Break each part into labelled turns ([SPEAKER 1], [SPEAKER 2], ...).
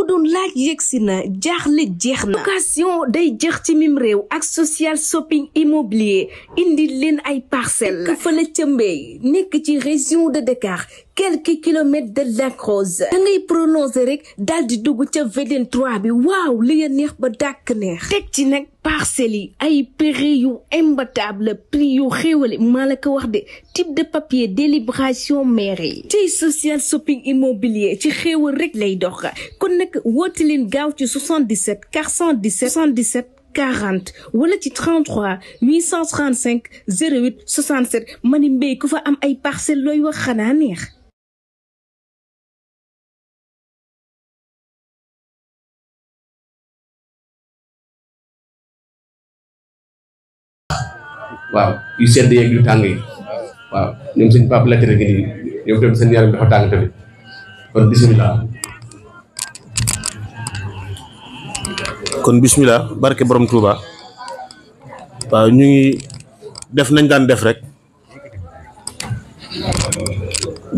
[SPEAKER 1] ko doon laaj yëgsi na jaaxle jeex na location day jeex ci mim réew ak social shopping immobilier indi leen ay parcelles ka fa la cëmbee nekk ci région de Dakar quelques kilomètres de Lac Rose Quand ngay prononcer rek daal di dugg ca VDN 3 bi waaw li nga neex ba dak neex tek ci nak parcelle ay prix yu imbattable prix yu xéewale malaka wax de type de papier délibération mairie. ci social shopping immobilier ci xéewal rek lay dox kon nak woote leen gaaw ci 77 417 77 40 wala ci 33 835 08 67 mani mbéy ku fa am ay parcelle loy wax neex waaw yu sedd yeeg yu tàng yi waaw ñoom sëñ
[SPEAKER 2] Pape lettre gi nii ñoom tamit seen yaram dafa tàng tamit kon bismillah kon bismillah barke borom Touba waaw ñu ngi def nañ daan def rek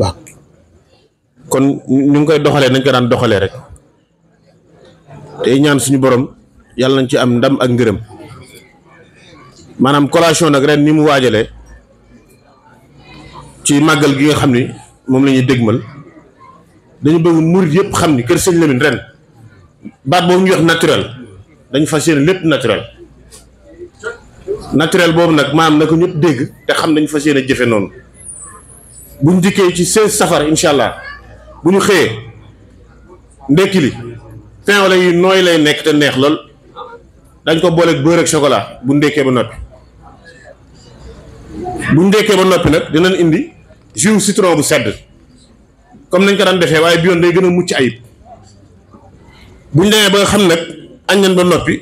[SPEAKER 2] waaw kon ñu ngi koy doxalee nañ ko daan doxalee rek tey ñaan suñu borom yàlla nañ ci am ndam ak ngërëm maanaam collation nag ren ni mu waajale ci màggal gi nga xam ni moom la ñuy dégmal dañu bëgg murit yëpp xam ni kër sëñ Lamine ren baat boobu ñuy wax naturel dañu fas yéene lépp naturel naturel boobu nag maam na ko ñëpp dégg te xam dañu fas yéene jëfe noonu buñ dikkee ci seize safar incha allah bu ñu xëyee ndekki li fin wala yu nooy lay nekk te neex lool dañ ko booleeg beurre ak chocolat bu ndekkee ba noppi buñ déké ba nopi nak dinañ indi jus citron bu sedd comme nañ ko daan défé waye bi day gëna mucc ayib buñ déné ba xam nak añ ba nopi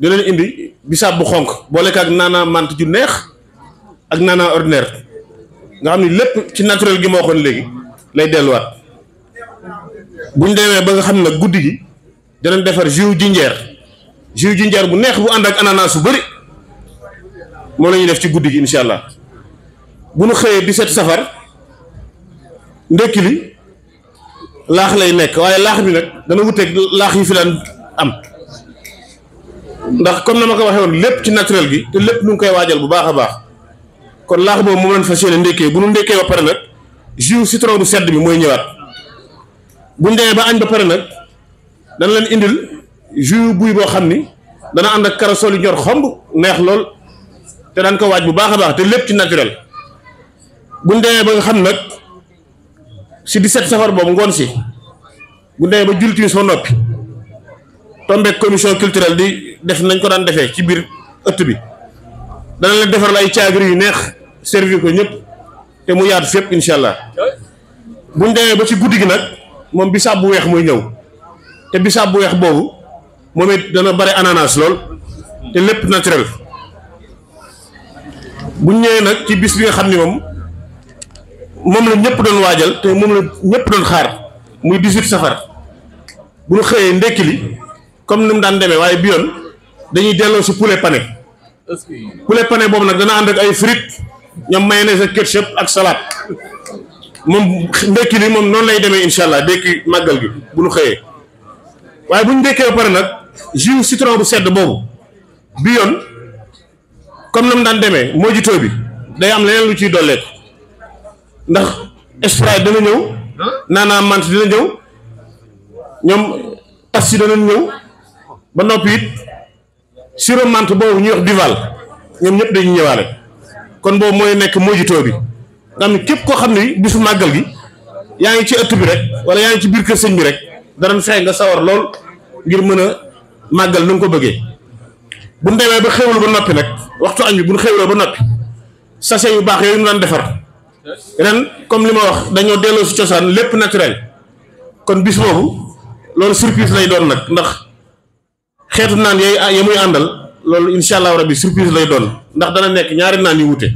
[SPEAKER 2] dinañ indi bisab bu xonk boole ak nana mante ju neex ak nana ordinaire nga xamni lepp ci naturel gi mo xon légui lay wat buñ déwé ba nga xam nak guddigi dinañ défar jus ginger jus ginger bu neex bu and ak ananas bu bari moom la ñuy def ci guddi gi incha allah bu nu xëyee 17 safar ndekki li laax lay nekk waaye laax bi nag dana wuteeg laax yi fi daan am ndax comme na ma ko waxee woon lépp ci naturel gi te lépp nu ngi koy waajal bu baax a baax kon laax boobu moom lañ fas yéene ndekkee bu nu ndekkee ba pare nag jus citron bu sedd bi mooy ñëwaat bu ndee ba añ ba pare nag dana leen indil jus buy boo xam ni dana ànd ak karasol yu ñor xomb neex lool. te daan ko waaj bu baax a baax te lépp ci naturel buñ demee ba nga xam nag si 17 safar boobu ngoon si buñ demee ba jullit yi soo noppi tombeek commission culturelle di def nañ ko daan defee ci biir ëtt bi dana leen defar lay caagri yu neex servir ko ñëpp te mu yaatu fépp incha allah buñ demee ba ci guddi gi nag moom bisaab bu weex mooy ñëw te bisaab bu weex boobu moom it dana bare ananas lool te lépp naturel. bu ñëwee nag ci bis bi nga xam ne moom moom la ñëpp doon waajal te moom la ñëpp doon xaar muy 18 safar bu ñu xëyee ndekki li comme ni mu daan demee waaye bi yoon dañuy delloo si poulet pané poulet pané boobu nag dana ànd ak ay frites ñoom mayonnaise ak ketchup ak salaat moom ndekki li moom noonu lay demee incha allah ndekki màggal gi bu ñu xëyee waaye bu ñu ndekkee ba nag jus citron bu sedd boobu biyoon comme na daan demee moo jitoo bi day am leneen lu ciy dolleeku ndax Sprite dana ñëw naanaa mant dina ñëw ñoom tas si dana ñëw ba noppi it sirop mant boobu ñuy wax Duval ñoom ñëpp dañuy ñëwaale kon boobu mooy nekk moo jitoo bi nga xam képp koo xam ne bisu màggal gi yaa ngi ci ëtt bi rek wala yaa ngi ci biir kër sëñ bi rek danañ fexe nga sawar lool ngir mën a màggal na nga ko bëggee buñ déwé ba xewlu ba nopi nak waxtu añ bi bu xewloo ba noppi sachet yu baax yooyu ñu daan defar ren comme lima wax dañoo délo ci cosaan lepp naturel kon bis bobu loolu surprise lay doon nak ndax xéetu naan yey ah, ya muy àndal loolu incha rabbi surprise lay doon ndax dana nek ñaari naan yu wuté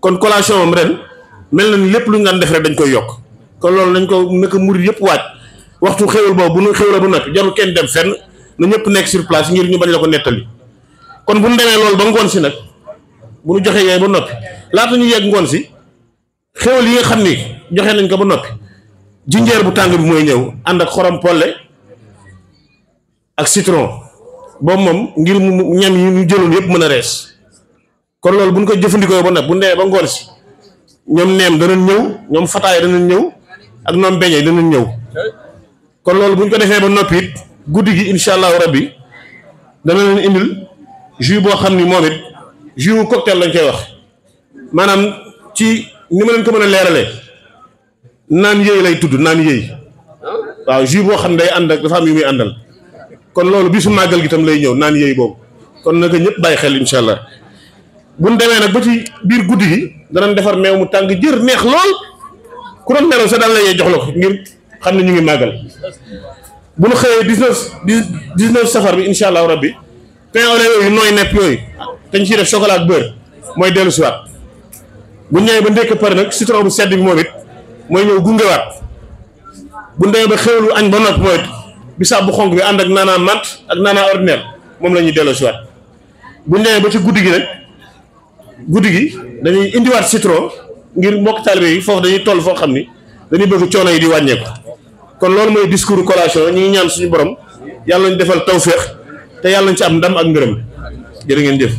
[SPEAKER 2] kon collation am ren mel na ni lépp lu ñu daan def rek dañ koy yok kon loolu nañ ko naka murid yëpp waaj waxtu xewal bobu bu ñu xewla ba noppi jarul kenn dem fenn na ñëpp nek sur place ngir ñu bañ la ko netali kon buñu ñu lool ba ngon ci nak buñu joxé joxee yooyu ba noppi laata ñu yegg ngoon si xéwal yi nga xamni joxé nañ ko ba nopi jinjeer bu tang bi moy ñew and ak xorom polé ak citron bo mom ngir mu ñam yi ñu jëloon yépp mëna a kon lool buñ ko jëfëndiko ba noppi bu ñu ba ngon ci ñom ném da danañ ñew ñom fataay danañ ñew ak ñoom da danañ ñew kon lool buñ ko défé ba nopi guddigi inshallah gi rabbi da leen indil jus bo xamni momit moom jus cocktail lañ koy wax manam ci ni ma leen ko mën a nan yeey lay tudd nan yeey waaw jus bo xam day ànd ak dafa am yu muy àndal kon lolu bisu magal gi tam lay ñew nan yeey boobu kon naka ñepp bay xel inshallah buñ demee nak ba ci bir guddi gi danañ defar meew mu tang jër neex lool ku doon melo sa dal lay jox lox ngir xamni ñu ngi magal buñ ñu 19 19 safar bi inshallah rabbi pain au lait yooyu nooy nepp yooyu dañ ciy def chocolat ak beurre mooy dellu si bu ñëwee ba ndékk par nag citron bu sedd bi moom it mooy ñëw gungewaat bu ndee ba xéwlu añ ba nopp mooy bisaab bu xonk bi ànd ak naanaa mant ak naanaa ordinaire moom la ñuy delloo si bu ndee ba ci guddi gi nag guddi gi dañuy citron ngir mbokk taalibe yi foofu dañuy toll foo xam dañuy bëgg coono yi di wàññeeku kon loolu mooy discours collation ñaan suñu borom ñu defal te yàlla nañ ci am ndam ak ngërëm jërë ngeen
[SPEAKER 1] jëf.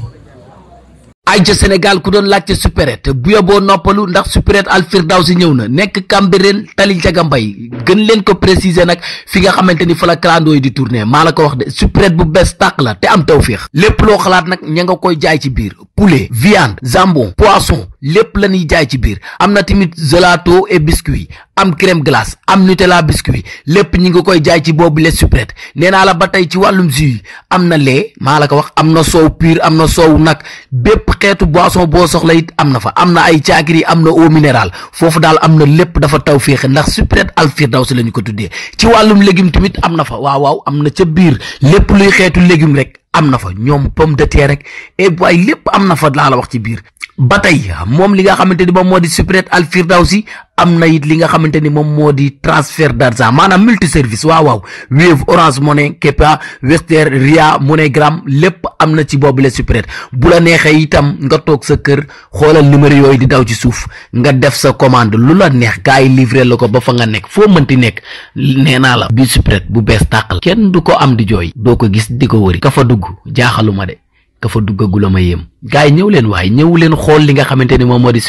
[SPEAKER 1] ay ca Sénégal ku doon laaj laajte supérette bu yoboo noppalu ndax supérette si ñëw na nekk Cambérène tali Njaga Mbay gën leen ko préciser nag fi nga xamante ni fa la clando yi di tourner maa la ko wax de supérette bu bees tàq la te am tawféex lépp loo xalaat nag ña nga koy jaay ci biir poulet viande jambon poisson lépp la ñuy jaay ci biir am na tamit gelato et biscuit am crème glace am nutella biscuit lépp ñu ngi koy jaay ci boobu les suprette nee naa la ba tey ci wàllum jus am na lait maa la ko wax am na soow piir am na soow nag bépp xeetu boisson boo soxla it am na fa am na ay caakiri am na eau minérale foofu daal am na lépp dafa taw féexe ndax suprette al firdawsi la ñu ko duddee ci wàllum légume tamit am na fa waaw waaw am na ca biir lépp luy xeetu légume rek am na fa ñoom pomme de terre rek et waaye lépp am na fa laa la wax ci biir ba tey moom li nga xamante ni moom moo di supérette al firdawsi am na it li nga xamante ni moom moo di transfert d'argent maanaam multi service waaw waaw Wave Orange Money Kepa Western Ria MoneyGram lépp am na ci boobu la supérette bu la neexee itam nga toog sa kër xoolal numéro yooyu di daw ci suuf nga def sa commande lu la neex gars yi livré la ko ba fa nga nekk foo mënti nekk nee naa la bi supérette bu bees tàq la kenn du ko am di jooy doo ko gis di ko wëri ka fa dugg jaaxaluma de ka fa duggagul a ma yem gars yi ñëw leen waaye ñëw leen xool li nga xamante ni moom moo di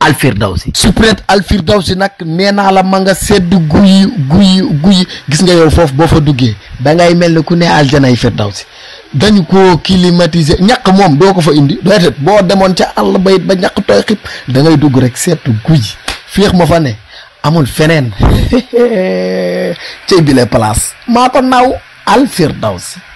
[SPEAKER 1] alfir daw si supret alfir daw si nag nee naa la ma nga sedd guyi guyi gis nga yow foofu boo fa duggee da ngay mel ni ku ne aljanay firdawsi dañu koo climatisé ñaq moom doo ko fa indi doetet boo demoon ca àll bayit ba ñaq tooy xib da ngay dugg rek seetu guyi féex ma fa ne amul feneen cey bile place maa ko naaw alfirdawsi